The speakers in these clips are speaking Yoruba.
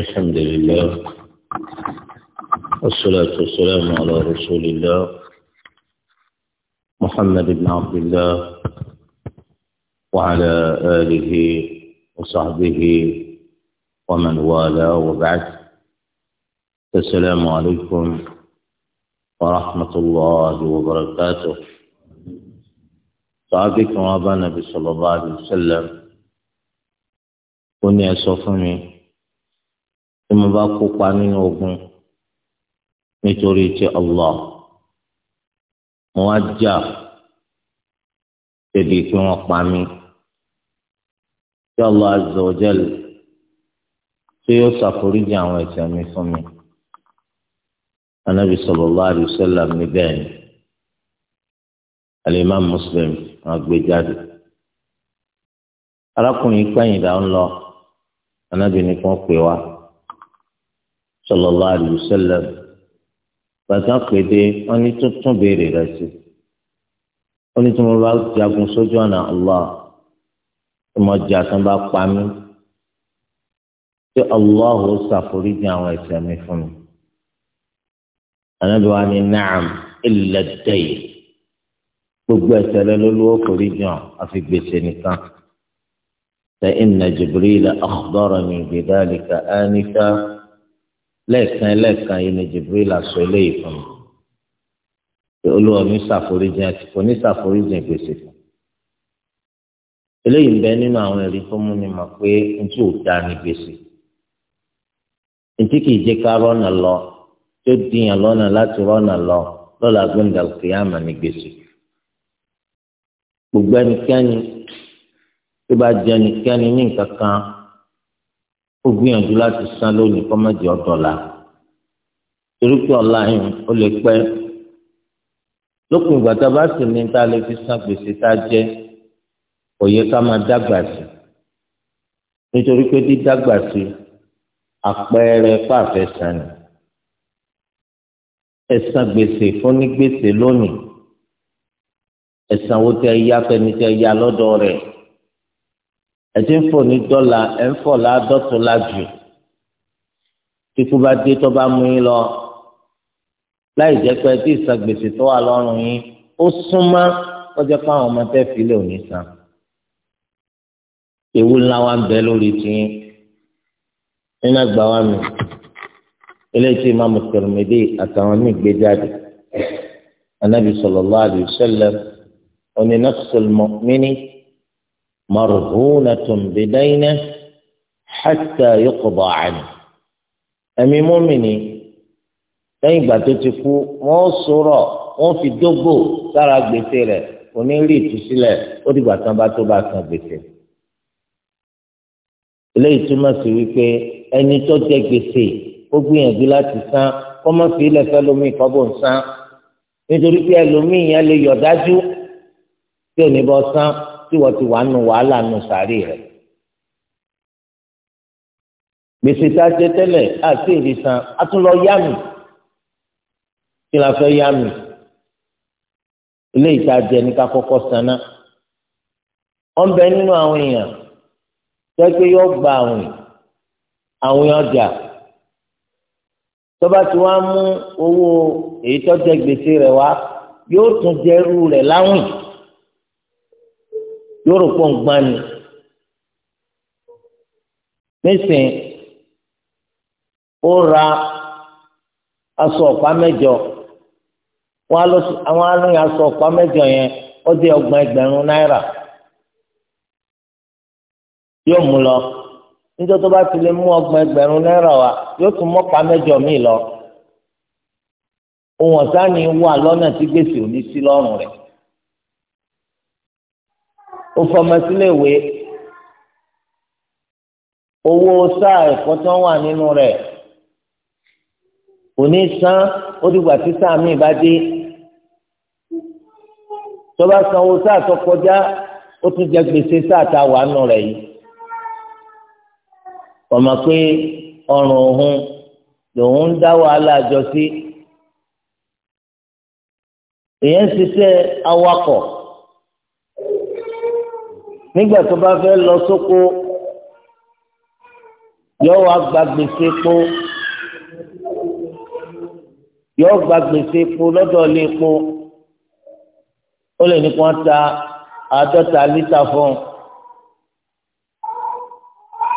الحمد لله والصلاة والسلام على رسول الله محمد بن عبد الله وعلى آله وصحبه ومن والاه وبعد السلام عليكم ورحمة الله وبركاته صحابيكم أبا النبي صلى الله عليه وسلم كن يا tí mo bá kópa nínú ogun nítorí ti Allah mo wá jà débi pé wọ́n pa mí tí Allah azza wa jal tí yóò ṣàforíjì àwọn ẹ̀ṣẹ̀ mi fún mi anabi sallallahu alaihi wasallam ní ni alimam Muslim wọ́n jáde arákùnrin pẹ̀yìndà ń lọ anabi ní pè wá sallallahu alaihi wasallam bàtà péde wọn ní tuntun béèrè rẹ̀ sí wọn ní tí mo bá jagun sójú ọ̀nà Allah tí mo jà tán bá pa mí tí Allah ò ṣàforíjì àwọn ẹ̀ṣẹ̀ mi fún mi ànábi wa ni naam illa ad gbogbo ẹ̀ṣẹ̀ rẹ̀ ló lówó foríjì hàn àfi gbèsè nìkan. فإن جبريل أخبرني بذلك آنفا lẹ́ẹ̀kan lẹ́ẹ̀kan yìí ni Jibril aṣọ eléyìí fún mi pé olúwa mi ṣàforíjì àti kò ní ṣàforíjì gbèsè fún eléyìí ń bẹ nínú àwọn ẹ̀rí tó mú mi mọ̀ pé n tí ò da ni gbèsè ntí kìí jẹ́ ká rọ́nà lọ tó dìyàn lọ́nà láti rọ́nà lọ lọ́la gbẹ̀ndà kìyàmà ni gbèsè gbogbo ẹnikẹ́ni tó bá jẹ ẹnikẹ́ni ní nǹkan kan ó gbìyànjú láti san lónìí kọ́ má jẹ́ ọ̀dọ́la torí pé ọ̀la yìí ó lè pẹ́ lókun ìgbà tá a bá sì ní tá a lè fi san gbèsè tá a jẹ kò yẹ ká máa dàgbà sí nítorí pé dídàgbà sí àpẹẹrẹ pàfẹ́ sani ẹ̀san gbèsè fún ní gbèsè lónìí ẹ̀san wo tẹ ya fẹ́ni tẹ ya lọ́dọ̀ rẹ̀ ẹ ti ń fò ní dọ́là ẹ ń fò ládọ́tún lájú kíkú bá dé tó bá mú yín lọ láì jẹ́ pé tí ìsagbèsè tó wà lọ́rùn yín ó súnmọ́ ó jẹ́ pé àwọn ọmọ tẹ́ fi lè òní san ewu ńlá wa ń bẹ lórí tiyín nínú àgbà wa mi eléyìí tí Imam Tirmidhi àtàwọn míì gbé jáde Ànábì sallallahu alaihi wasallam oní nafsul mu'mini marhunatun bidayna hatta yuqda anhu ẹ̀mí mọ́mìnì lẹ́yìn ìgbà tó ti kú wọ́n sọ̀rọ̀ wọ́n fi dógò sára gbèsè rẹ̀ òní rí ìtúsílẹ̀ ó dìgbà tán bá tó bá san gbèsè. eléyìí túmọ̀ sí wípé ẹni tó jẹ gbèsè ó gbìyànjú láti san kó má fi ilẹ̀ fẹ́ lómi ìkọ́bọ̀ ń san nítorí pé ẹlòmíì yẹn lè yọ̀ dájú tí ò ní bọ́ san tí wọ́n ti wà nù wàhálà nù sàárè rẹ̀. gbèsè tá a jẹ tẹ́lẹ̀ àti èrè san a tún lọ yá mi kí la fẹ́ yá mi ilé ìta ní ká kọ́kọ́ sanná. wọ́n bẹ nínú àwọn èèyàn tẹ́gbẹ́ yóò gba àwìn àwìn ọjà tọ́ba tí wọ́n á mú owó èyí gbèsè rẹ̀ wá yóò tún jẹ́rú rẹ̀ láwìn. yóò rò pọ̀ ń gbọ́n ni nísìnyí ó ra aṣọ ọ̀pá mẹ́jọ wọn àwọn alóyún aṣọ ọ̀pá mẹ́jọ yẹn ó dé ọgbọ̀n ẹgbẹ̀rún náírà yóò mú lọ níjọ́ tó bá ti lè mú ọgbọ̀n ẹgbẹ̀rún náírà wa yóò tún mọ́pá mẹ́jọ míì lọ ohun ọ̀sán ni wà lọ́nà tí gbèsè ò ó fọmọ sílé ìwé owó sáà ẹ̀kọ́ tí wọ́n wà nínú rẹ̀ kò ní san ó dìgbà tí sáà mi bá dé tó bá san owó sáà tó kọjá ó tún jẹ gbèsè sáà tá a wà nù rẹ̀ yìí ọmọ pé ọrùn òun lòun ń dá wàhálà jọ sí èèyàn ń ṣiṣẹ́ awakọ̀ nígbà tó bá fẹ́ lọ sóko yóò wá gba gbèsè epo yóò gba gbèsè epo lọ́dọ̀ ilé epo ó lè ní kí wọ́n ta àádọ́ta lítà fún un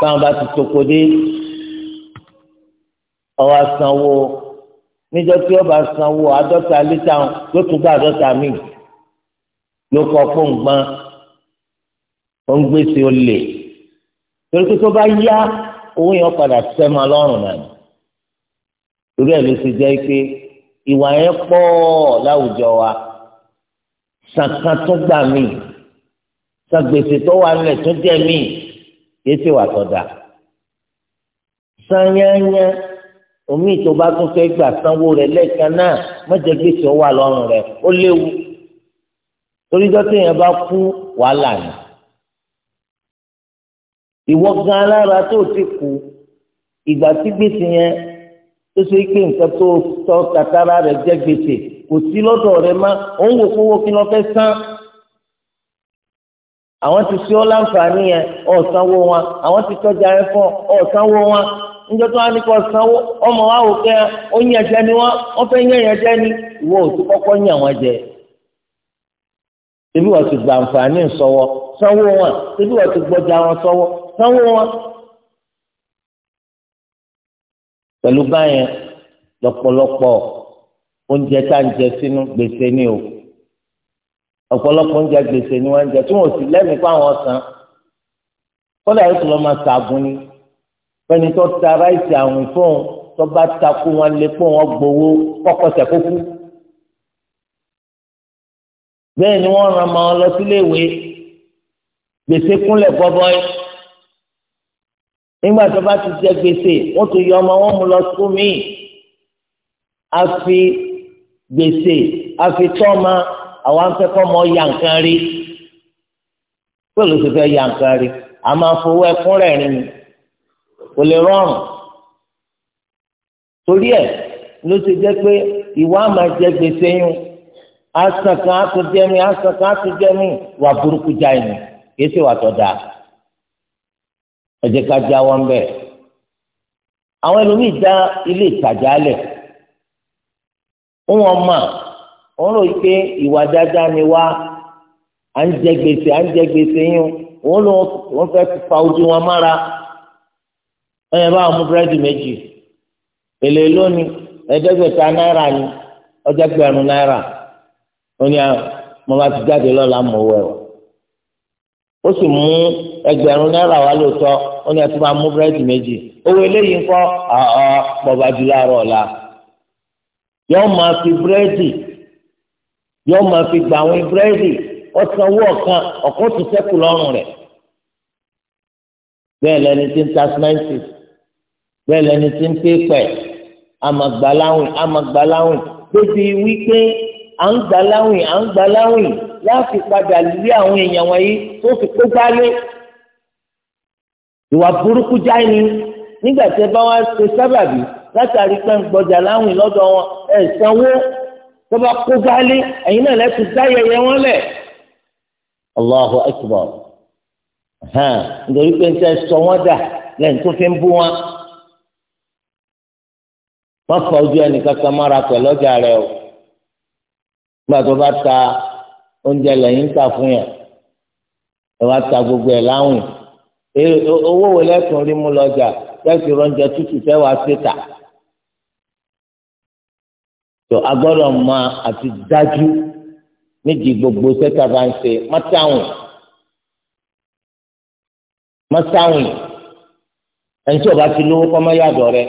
táwọn bá ti soko dé ọwọ́ sanwó níjọ́ tí ọba sanwó àádọ́ta lítà yóò tún gba àádọ́ta míì ló kọ́ fóun gbọ́n ó ń gbèsè ó lè torí pé tó bá yá owó yẹn padà sẹ́mọ lọ́rùn náà ni torí ẹ̀ ló ti jẹ́ pé ìwà yẹn pọ̀ láwùjọ wa sàkàn tó gbà mí sàgbèsè tó wà nílẹ̀ tó jẹ́ mí yé ti wà tọ́da sanyanya omi tó bá tún fẹ́ gbà sanwó rẹ̀ lẹ́ẹ̀kan náà mọ̀jẹ̀ gbèsè ó wà lọ́rùn rẹ̀ ó léwu torí dọ́tí yẹn bá kú wàhálà ni. ìwọ gan alára tó ti kù ìgbà tí gbèsè yẹn tó ṣe pé nǹkan tó tọ́ kàtàrà rẹ̀ jẹ́ gbèsè kò sí lọdọ rẹ̀ má òun wò kówó kí lọ́ọ́ fẹ́ àwọn ti ṣe ọ́ láǹfààní yẹn wọn àwọn ti ẹ wọn ní sanwó ọmọ wa ò ni wọn ni ìwọ ò ti yàn wọn jẹ ebi ti gbà sanwó wọn ebi ti sanwó wọn. pẹ̀lú báyẹn lọ́pọ̀lọpọ̀ oúnjẹ tá à ń jẹ sínú gbèsè ni o ọ̀pọ̀lọpọ̀ oúnjẹ gbèsè ni wọ́n ń jẹ tí wọ́n sì lẹ́mìí fún àwọn ọ̀sán kọ́lá yóò tún lọ máa ṣàgùn ni fẹ́ni tó ta ráìsì àwìn fóun tó bá takú wọn lé fóun wọn gbowó kọ́kọ́sẹ̀ kókú bẹ́ẹ̀ ni wọ́n ràn máa lọ sílé ìwé gbèsè kúnlẹ̀ bọ́bọ́yìí nígbà tó bá ti jẹ gbèsè wọn tún yọ ọmọ wọn mú lọ sùkúù míì a fi gbèsè a fi tọ́ma àwọn afẹ́kọ́ mọ ya nǹkan rí pẹ̀lú tó fẹ́ ya nǹkan rí a máa fowó ẹkún rẹ̀ rìn kò lè rọrùn torí ẹ̀ ló ti jẹ́ pé ìwà máa jẹ gbèsè yún asàn kan á tún jẹ mí wà burúkú jáì ní kì í ṣe wà tó dáa. ẹ jẹ́ ká wọn elu àwọn ẹlòmíì dá ilé ìtajà lẹ̀ wọn mà wọn rò pé ìwà dáadáa ni wá à ń jẹ gbèsè à ń jẹ gbèsè yín wọn lọ wọn fẹ́ fa ojú wọn mára wọn bá wọn mú búrẹ́dì méjì èlé lónìí náírà ni ọjọ́ gbẹ̀rún náírà wọn ni mo bá ti jáde ó sì mú ẹgbẹ̀rún náírà wá lóòótọ́ ó ní ẹtú máa mú búrẹ́dì méjì owó eléyìí ń kọ́ àá bọ̀bá jù láàárọ̀ ọ̀la yọ́n máa fi búrẹ́dì yọ́n máa fi gbà àwọn búrẹ́dì ọ̀sán ọ̀kan ọ̀kan tún sẹ́kù lọ́rùn rẹ̀ bẹ́ẹ̀ lẹni tí ń ta sìmẹ́ǹtì bẹ́ẹ̀ lẹni tí ń pépẹ̀ amagbaláwìn amagbaláwìn débi wípé à ń gbaláwìn à ń gbaláwìn láti padà lé àwọn èèyàn wọ̀nyí tó fi kó gbálé ìwà burúkú jáì ni nígbà tí ẹ bá wá ṣe sábàbí látàrí pé ń gbọjà láwìn lọ́dọ̀ wọn ẹ̀ sanwó tó bá kó gbálé ẹ̀yin náà lẹ́tùn dáyẹyẹ wọn lẹ̀ Allahu Akbar hàn nítorí pé ń tẹ́ sọ wọ́n dà lẹ́yìn tó fi ń bú wọn wọ́n fọ ojú ẹnì kankan mára pẹ̀lú ọjà rẹ o nígbà bá ta oúnjẹ lẹ́yìn ń tà fún yàn ẹ wá ta gbogbo ẹ̀ láwìn owó wo lẹ́sùn rí mú lọ́jà lẹ́sùn rọ́njẹ tútù fẹ́ wá sí ta tó a gbọ́dọ̀ mọ àti dájú nídìí gbogbo sẹ́ta bá ń ṣe mọ́tàwìn mọ́tàwìn ẹni tí o bá ti lówó kọ́ mọ́ yàdọ̀ rẹ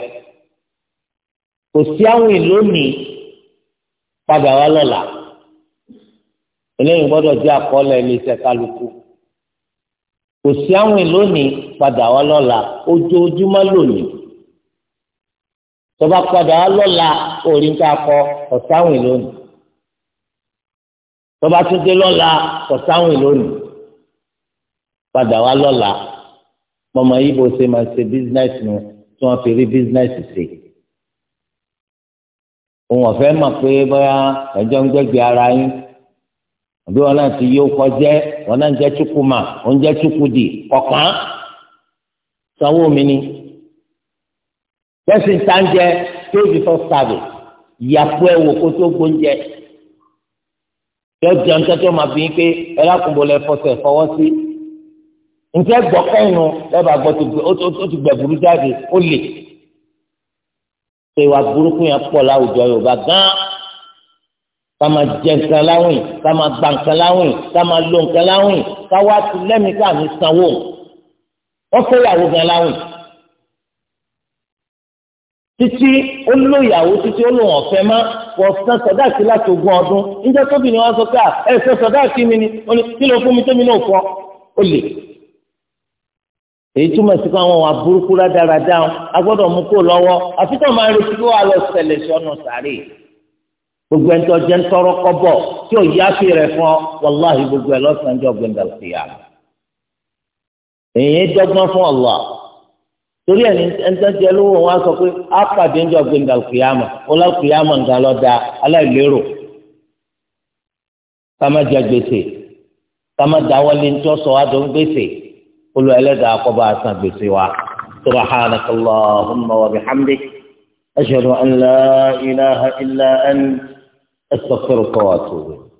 kò sí àwìn lónìí padà wá lọ́la eléyìí gbọ́dọ̀ jẹ́ àkọọ́lẹ̀ iléeṣẹ́ kálukú kò sí àwìn lónìí padà wá lọ́la ojoojúmọ́ lónìí tọba padà wá lọ́la orí ńkà kọ ọ̀sáwìn lónìí tọba tún dé lọ́la ọ̀sáwìn lónìí padà wá lọ́la mọmọ yìí bó ṣe máa ṣe bísínẹsì nu tí wọ́n fi rí bísínẹsì ṣe òun ọ̀fẹ́ mọ̀ pé bóyá ẹjọ́ ń gbẹ́gbẹ́ ara yín àbí wọn náà ti yí ó kọjẹ wọn náà ń jẹ chukwuma ó ń jẹ chukwudi kọkàn sanwó mi ni bẹ́sìn tá ń jẹ tó fi fọ́ sàbẹ̀ ìyàpọ̀ ẹ̀wò kó tó gbóúnjẹ yọjọ nǹkan tó máa bí pé ẹ lákùnbó lẹ fọsẹ̀ fọwọ́ sí nǹkan gbọ́ kẹ́hìnú lẹ́bàá gbọ́ ó ti gbẹ̀bùrú jáde ó lè ṣe ìwà burúkú yẹn pọ̀ láwùjọ Yorùbá gan ká máa jẹ nǹkan láwìn ká máa gba nǹkan láwìn ká máa lo nǹkan láwìn ká wá sí lẹ́mìí ká mi sanwó wọ́n fẹ́ ìyàwó gan láwìn títí ó lò ìyàwó títí ó lò wọ́n fẹ́ má wọ́n san sọ̀dáàkì láti ogún ọdún níjẹ́ tóbi ni wọ́n sọ pé ẹ sọ sọ̀dáàkì mi ni ó ní kí ló fún mi tóbi náà fọ́ ó lè èyí túmọ̀ sí pé àwọn wà burúkú rádaràdà a gbọ́dọ̀ mú kó lọ́wọ́ àfi tó máa retí kó wà lọ gbogbo ẹni tó jẹ́ ń tọrọ kọ́bọ̀ tí ò yá fi rẹ̀ fún ọ wàláhì gbogbo ẹ lọ́sàn-án jọ gbẹ̀ndà síyà èyí dọ́gbọ́n fún Allah torí ẹni ẹnitọ́ jẹ lówó wọn sọ pé á pàdé ń jọ gbẹ̀ndà kíyàmà ọlọ́kìyàmà ń ga lọ́dà aláìlérò kàmá jẹ gbèsè kàmá dáwọ́lé ń tọ́ sọ wá dó gbèsè olú ẹlẹ́dàá akọ́bà àsàn gbèsè wa subhanakallahumma wa bihamdik ashhadu an la ilaha illa استغفرك واتوب